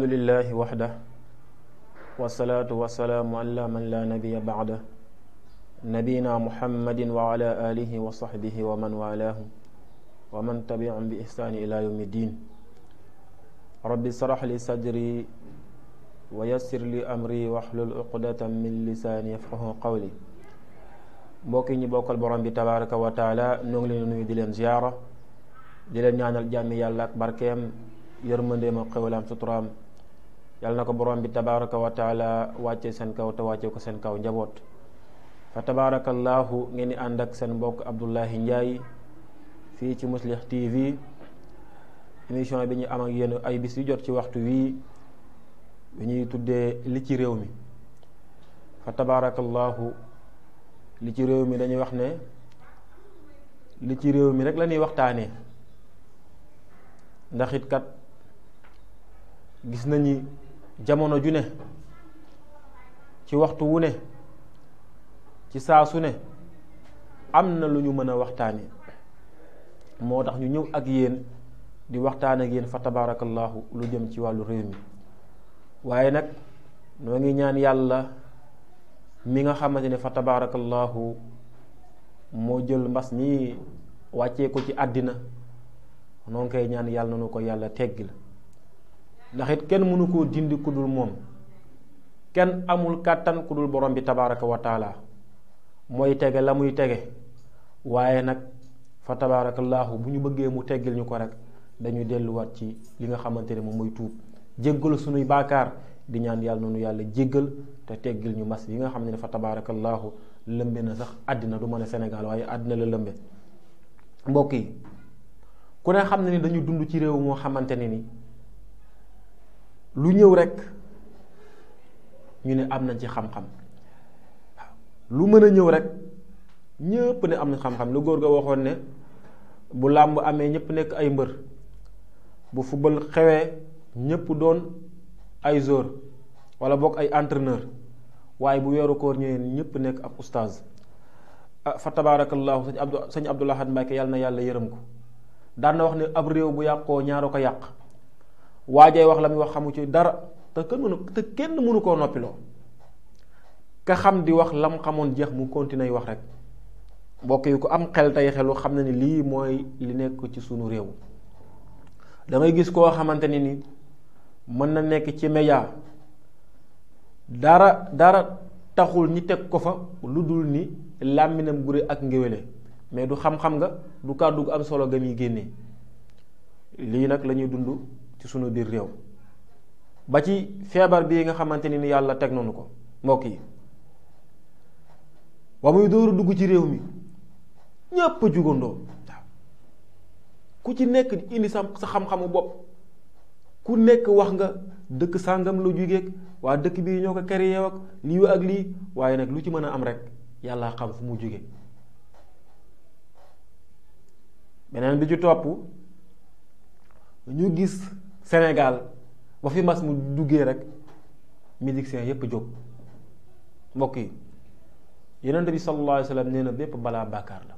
alhamdulillahi waxda wasalaatu wasalaamu ala man la nabiya baada nabina muhammadin wa ala alihi wa saxbihi wa man walaahu wa man tabiahum bi ihsaani ila yawmi ddin rabbi sarax li sadri wa yassir li amri waxlul uqdatan min lisaani yafqahu qawli mbokki ñi bokkal borom bi tabaraka wa taala ñoo ngi leen nuyu di leen ziyaara di leen ñaanal jàmmi yàlla ak barkeem yërmandeem ak xewlaam suturaam yàlla na ko borom bi tabaraka wa wàcce seen kaw te wàccee ko seen kaw njaboot fa tabarakallahu ngeen di ànd ak seen mbokk Abdoulaye njaay fii ci Mouslih TV émission bi ñu am ak yéen ay bis yu jot ci waxtu wii bi ñuy tuddee li ci réew mi fa tabarakallahu li ci réew mi dañuy wax ne li ci réew mi rek lañuy ñuy waxtaanee ndax kat gis nañu jamono ju ne ci waxtu wu ne ci saa su ne am na lu ñu mën a waxtaane moo tax ñu ñëw ak yéen di waxtaan ak yéen fa tabaarakallaahu lu jëm ci wàllu réew mi waaye nag noo ngi ñaan yàlla mi nga xamante ne fa tabaarakallaahu moo jël mbas mi wàccee ko ci àddina noo ngi koy ñaan yàlla nanu ko yàlla teggil ndax it kenn mënu koo dindi ku dul moom kenn amul kàttan ku dul borom bi tabaraka wa mooy tege la muy tege waaye nag fa tabaarakallaahu bu ñu bëggee mu teggil ñu ko rek dañuy delluwaat ci li nga xamante ne moom mooy tuub jéggal sunuy baakaar di ñaan yàlla noonu yàlla jéggal te teggil ñu mas yi nga xam ne fa tabaarakallaahu lëmbe na sax àddina du mën a Sénégal waaye àddina la lëmbe mbokk yi ku ne xam ne ni dañu dund ci réew moo xamante ne ni lu ñëw rek ñu ne am nañ ci xam-xam lu mën a ñëw rekk ñëpp ne am na xam-xam lu góor ga waxoon ne bu làmb amee ñëpp nekk ay mbër bu football xewee ñëpp doon ay joueur wala bokk ay entraîneur waaye bu weeru koor ñëwee ñëpp nekk ab oustaz ah, fa tabaarakallaahu sëñ Abdou sëñ Abdoul Ahad Mbacké yàlla na yàlla yërëm ko daan na wax ne ab réew bu yàqoo ñaaro ko yàq waa waajay wax la muy wax xamu ci dara te kenn mënu te kenn mënu koo noppiloo ka xam di wax lam xamoon jeex mu continuer wax rek mbokk yi ko am xel tey xelu xam na ni lii mooy li nekk ci sunu réew da ngay gis koo xamante ni ni mën na nekk ci média dara dara taxul ñi teg ko fa lu dul ni làmminam gure ak ngéwéle mais du xam-xam nga du kàddu gu am solo ga muy génne lii nag lañuy dund ci sunu biir réew ba ci feebar bii nga xamante ni ni yàlla teg nañu ko mbokk yi wa muy dóoru dugg ci réew mi ñépp jugandoo ku ci nekk indi sa sa xam-xamu bopp ku nekk wax nga dëkk sàngam la jugeeg waa dëkk bii ñoo ko créé ak lii ak lii waaye nag lu ci mën a am rek yàlla xam fu mu jóge beneen bi ci topp ñu gis senegal ba fi mbas mu duggee rek médecins yépp jóg mbokk yi yeneen dabi sallallahu alayhi wa na bépp balaa bàkkaar la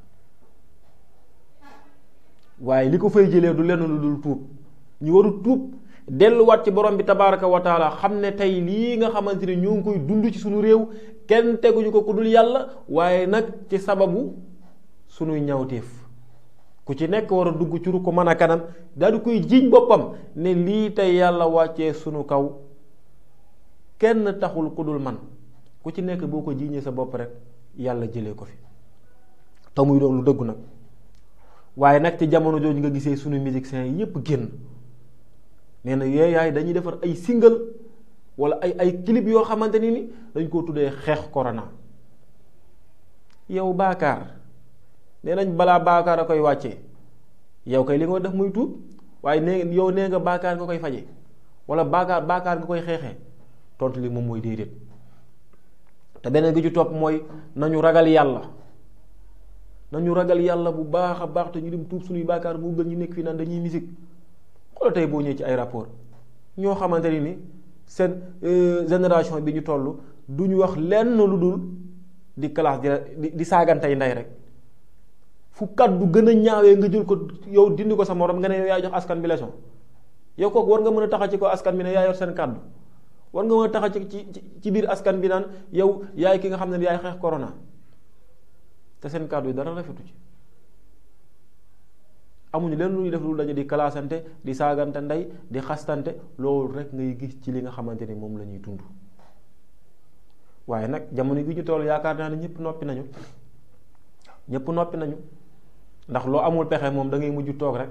waaye li ko fay jëlee du lenn lu dul tuub ñu waru tuub delluwaat ci borom bi tabaaraka wa taala xam ne tey lii nga xamante ni ñoo ngi koy dund ci suñu réew kenn teguñu ko ku dul yàlla waaye nag ci sababu sunuy ñawteef ku ci nekk war a dugg ci ko man a kanam daal koy jiiñ boppam ne lii tey yàlla wàcce sunu kaw kenn taxul ku dul man ku ci nekk boo ko jiiñee sa bopp rek yàlla jëlee ko fi te muy doon lu dëggu nag waaye nag ci jamono jooju nga gisee sunu musiciens yépp génn nee na yooyaay dañuy defar ay singal wala ay ay clip yoo xamante ni ni dañ koo tuddee xeex corona yow baakaar nee nañ balaa baakaar a koy wàcce yow kay li nga def muy tuub waaye nee yow nee nga baakaar nga koy faje wala baakaar baakaar nga koy xeexee tontu li moom mooy déedéet te beneen gi ci topp mooy nañu ragal yàlla nañu ragal yàlla bu baax a baax te ñu dem tuub suñuy baakaar moo gën ñu nekk fii naan dañuy misik xoolal boo ñëwee ci ay rapport ñoo xamante ni ni seen euh, génération bi ñu toll duñu wax lenn lu dul di classe di di saagantey ndey rek. fu kaddu gën a ñaawee nga jël ko yow dind ko sa moroom nga ne yaa jox askan bi leçon yow kooku war nga mën a taxa ci ko askan bi ne yaa yor seen kaddu war nga mën a taxa ci ci ci biir askan bi naan yow yaay ki nga xam ne yaay xeex korona te seen kàddu yi dara rafetu ci amuñu leen lu def lu dañu di kalaasante di saagante ndey di xastante loolu rek ngay gis ci li nga xamante ni moom lañuy ñuy dund waaye nag jamono gi ñu toll yaakaar naa ne ñëpp noppi nañu ñëpp noppi nañu. ndax loo amul pexe moom da ngay mujj toog rek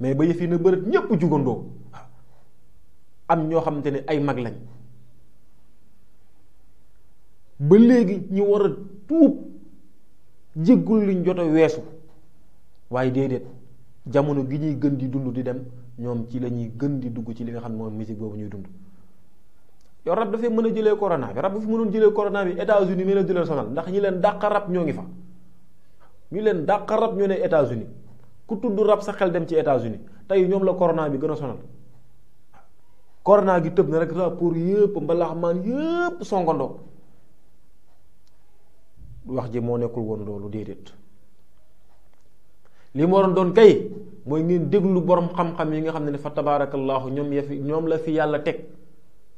mais ba yëf yi na bërët jugandoo am ñoo xamante ni ay mag lañ ba léegi ñi war a tuub jéggul liñ jot a weesu waaye déedéet jamono gi ñuy gën di dund di dem ñoom ci la ñuy gën di dugg ci li nga xam ne moom musique boobu ñuy dund yow rab dafay mën a jëlee corona bi rab bu fi mënoon jëlee corona bi États-Unis mën a jëlee sonal ndax ñi leen dàq rab ñoo ngi fa ñu leen dàq rab ñu ne États-Unis ku tudd rab sa xel dem ci États-Unis tey ñoom la corona bi gën a sonal corona gi tëb na rek rapport yëpp mbalax maan songandoo wax ji moo nekkul woon loolu déedéet li mu doon kay mooy ngeen déglu borom xam-xam yi nga xam ne ne fa tabaarakallaahu ñoom ya ñoom la fi yàlla teg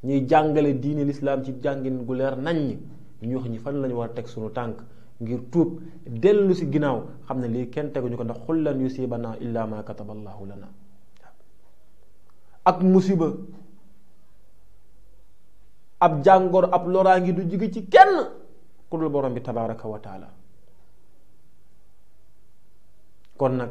ñuy jàngale diine lislaam ci jàngin gu leer ñi ñu wax ñi fan lañu war a teg sunu tànk ngir tuub dellu ci ginnaaw xam ne lii kenn teguñu ko ndax xul lan yusibanaa illaa ma kataballaahu lana ak musiba ab jàngoor ab loraa ngi du jóge ci kenn ku dul borom bi tabaraka wa kon nag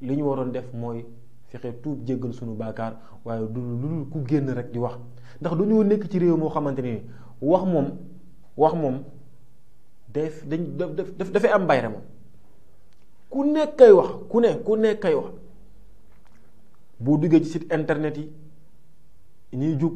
li ñu waroon def mooy fexe tuub jéggal sunu baakaar waaye du lu ku génn rek di wax ndax du ñu nekk ci réew moo xamante ni wax moom wax moom def dañ daf dafay am bayre moom ku nekk kay wax ku ne ku nekk kay wax boo duggee ci sit internet yi ñuy jug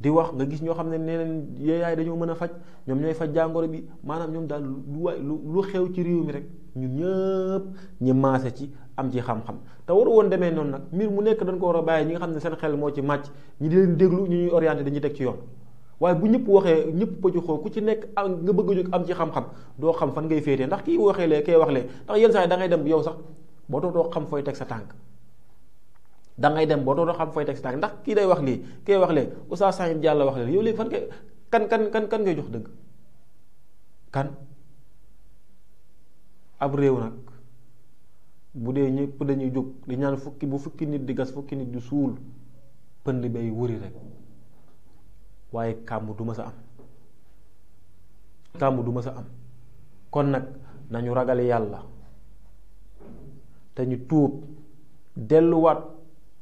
di wax nga gis ñoo xam ne neneen yaay dañoo mën a faj ñoom ñooy faj jàngoro bi maanaam ñoom daal lu waay lu xew ci réew mi rek ñu ñëpp ñi maase ci am ci xam-xam te waru woon demee noonu nag mbir mu nekk dañ ko war a bàyyi ñi nga xam ne seen xel moo ci màcc ñi di leen déglu ñu ñuy orienté dañuy teg ci yoon waaye bu ñëpp waxee ñëpp pëccuxoo ku ci nekk nga bëgg a jóg am ci xam-xam doo xam fan ngay féetee ndax kii waxee lee kay wax lee ndax yenn saa yi da dem yow sax boo dootoo xam fooy teg sa tànk dangay dem boo dootoo xam fooy teg sa tànk ndax kii day wax lii kay wax lee Oustaz Sahim Diallo wax lee yow léegi fan kay kan kan kan kan ngay jox dëgg kan ab réew nag bu dee ñëpp dañuy jóg di ñaan fukki bu fukki nit di gas fukki nit di suul pënd bay wuri rek waaye kàmb du ma sa am kàmb du ma am kon nag nañu ragal yàlla te ñu tuub delluwaat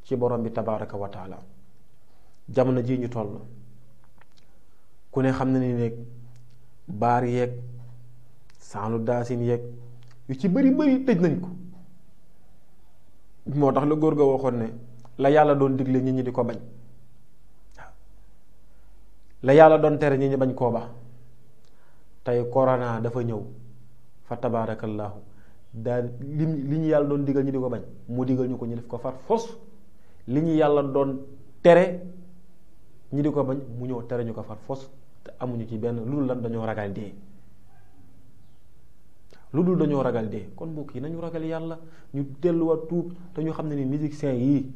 ci borom bi tabaraka wa taala jamono ji ñu toll ku ne xam na ni nekk baar yeeg saanu daasin yeeg yu ci bari bari tëj nañ ko moo tax la góor ga waxoon ne la yàlla doon digle nit ñi di ko bañ la yàlla doon tere ñi ñu bañ koo ba tey corona dafa ñëw fa tabaarakallaahu daal li li ñu yàlla doon digal ñu di ko bañ mu digal ñu ko ñu def ko far fos li ñu yàlla doon tere ñi di ko bañ mu ñëw tere ñu ko far fos te amuñu ci benn lu dul lan dañoo ragal dee lu dul dañoo ragal dee kon mbokk yi nañu ragal yàlla ñu delluwaat tuub te ñu xam ne ni musiciens yii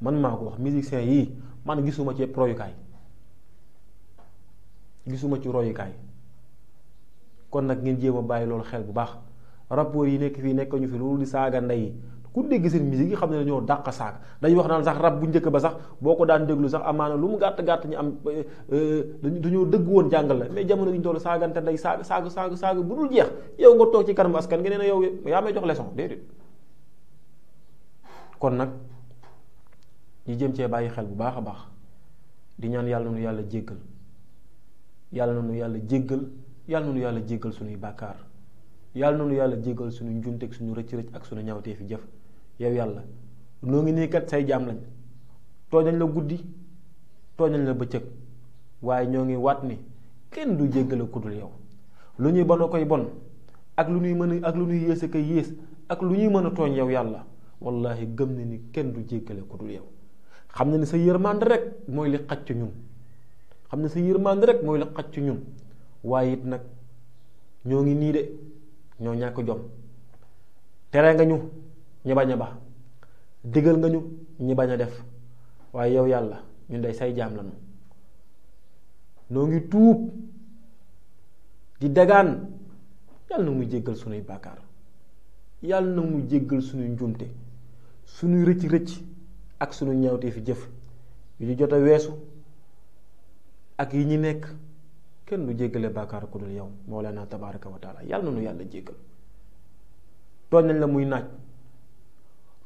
man maa ko wax musiciens yii man gisuma ci proyukaay gisuma ci royukaay kon nag ngeen jéem a bàyyi loolu xel bu baax rapport yi nekk fii nekk ñu fi loolu di saaga ndey yi ku dégg seen musique yi xam ne dañoo dàq saaga dañuy wax naan sax rab bu njëkk ba sax boo ko daan déglu sax amaana lu mu gàtt gàtt ñu am euh, euh, dañoo dëgg woon jàngal la mais jamono bi ñu toll saagante ndey saaga saaga saaga saaga bu dul jeex yow nga toog ci kanamu askan ngeen ne yow yaa may jox leçon déedéet kon nag ñu jëm cee bàyyi xel bu baax a baax di ñaan yàlla yàlla jéggal yàlla na yàlla jéggal yàlla na yàlla jéggal suñuy bàkkaar yàlla na yàlla jéggal suñu njunteeg suñu rëcc-rëcc ak suñu ñawtee fi jëf yow yàlla noo ngi nii kat say jaam lañ tooñañ la guddi tooñañ la bëccëg waaye ñoo ngi waat ni kenn du jéggale kudul yow lu ñuy bon a koy bon ak lu ñuy mën a ak lu ñuy yées a koy yées ak lu ñuy mën a tooñ yow yàlla wallahi gëm na ni kenn du jéggale kudul yow xam na ni sa yërmande rek mooy li xaj ci ñun xam ne sa yërmande rek mooy la xaj ci ñun waaye it nag ñoo ngi nii de ñoo ñàkk jom tere nga ñu ñu bañ a baax digal nga ñu ñu bañ a def waaye yow yàlla ñu day say jaam lañu noo ngi tuub di dagaan yàlla na muy jéggal sunuy bàkkaar yàlla na mu jéggal sunuy njuumte sunuy rëcc rëcc ak sunu ñaawtee fi jëf yu ñu jot a weesu ak yi ñi nekk kenn du jéggale bàkkaar ku dul yow Mawlana tabaraka wa taala yàlla na nu yàlla jéggal tooj nañ la muy naaj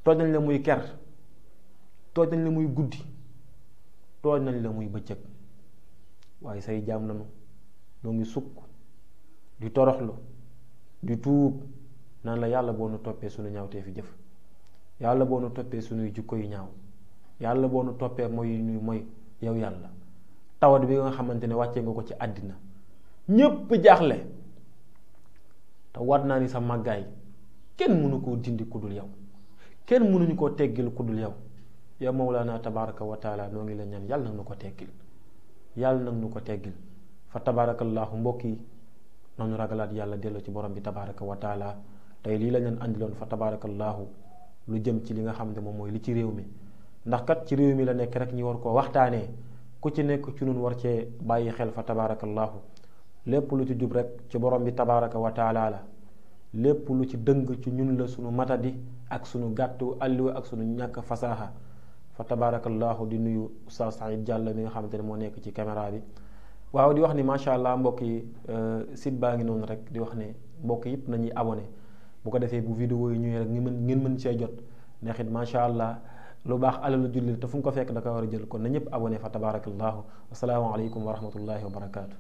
tooj nañ la muy ker tooj nañ la muy guddi tooj nañ la muy bëccëg waaye say jaam nanu noo ngi sukk di toroxlu di tuub nan la yàlla boo nu toppee sunu ñaawtee fi jëf yàlla boo nu toppee sunuy jukko yu ñaaw yàlla boo nu toppee mooy nuy mooy yow yàlla tawat bi nga xamante ne wàccee nga ko ci àddina ñépp jaaxle te war naa ni sa màggaay kenn mënu koo dindi kuddul yow kenn mënuñu koo teggil kuddul yow yow mawlaana tabaraka wa taala noo ngi leen ñaan yàlla nag nu ko teggil yàlla nag nu ko teggil fa tabarakallahu mbokk yi noonu ragalaat yàlla delloo ci borom bi tabaraka wa taala tey lii la leen andiloon fa tabarakallahu lu jëm ci li nga xam ne moom mooy li ci réew mi ndax kat ci réew mi la nekk rek ñu war koo waxtaanee ku ci nekk ci nun war cee bàyyi xel fa tabaarakallaahu lépp lu ci jub rek ci borom bi tabaaraka wa la lépp lu ci dëng ci ñun la sunu matadi ak sunu gàttu àlliwa ak sunu ñàkk fasaaxa fa tabaarakallaahu di nuyu Oustaz Saïd Diallo mi nga xamante ne moo nekk ci caméra bi waaw di wax ni macha allah mbokk yi euh, site baa ngi noonu rek di wax ne mbokk yëpp nañuy abonné bu ko defee bu vidéo yi ñëwee rek ngi mën ngeen mën cee jot neexit macha allah. lu baax alalu jullit te fu mu ko fekk da ko war a jël kon na ñëpp abonné fa tabaarakallaahu asalaamaaleykum wa rahmatullahi wa barakaatu.